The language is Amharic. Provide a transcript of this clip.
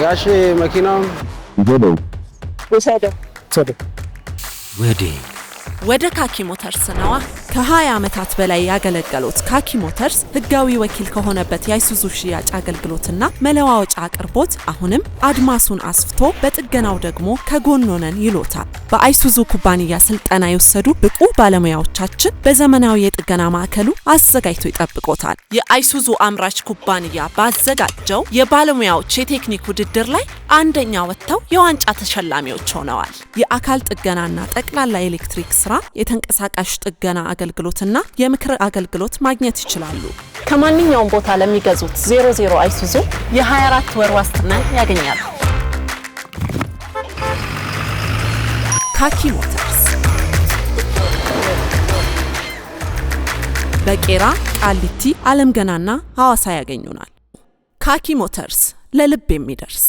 ጋሼ መኪናውን ውሰደው ውሰደው ወደ ወደ ካኪ ሞተርስ ነዋ። ከ20 ዓመታት በላይ ያገለገሉት ካኪ ሞተርስ ህጋዊ ወኪል ከሆነበት የአይሱዙ ሽያጭ አገልግሎትና መለዋወጫ አቅርቦት አሁንም አድማሱን አስፍቶ በጥገናው ደግሞ ከጎን ይሎታል። በአይሱዙ ኩባንያ ስልጠና የወሰዱ ብቁ ባለሙያዎቻችን በዘመናዊ የጥገና ማዕከሉ አዘጋጅቶ ይጠብቆታል። የአይሱዙ አምራች ኩባንያ ባዘጋጀው የባለሙያዎች የቴክኒክ ውድድር ላይ አንደኛ ወጥተው የዋንጫ ተሸላሚዎች ሆነዋል። የአካል ጥገናና ጠቅላላ ኤሌክትሪክ ስራ፣ የተንቀሳቃሽ ጥገና አገልግሎትና የምክር አገልግሎት ማግኘት ይችላሉ። ከማንኛውም ቦታ ለሚገዙት 00 አይሱዙ የ24 ወር ዋስትና ያገኛሉ። ካኪ ሞተርስ በቄራ ቃሊቲ፣ አለም ገናና ሐዋሳ ያገኙናል። ካኪ ሞተርስ ለልብ የሚደርስ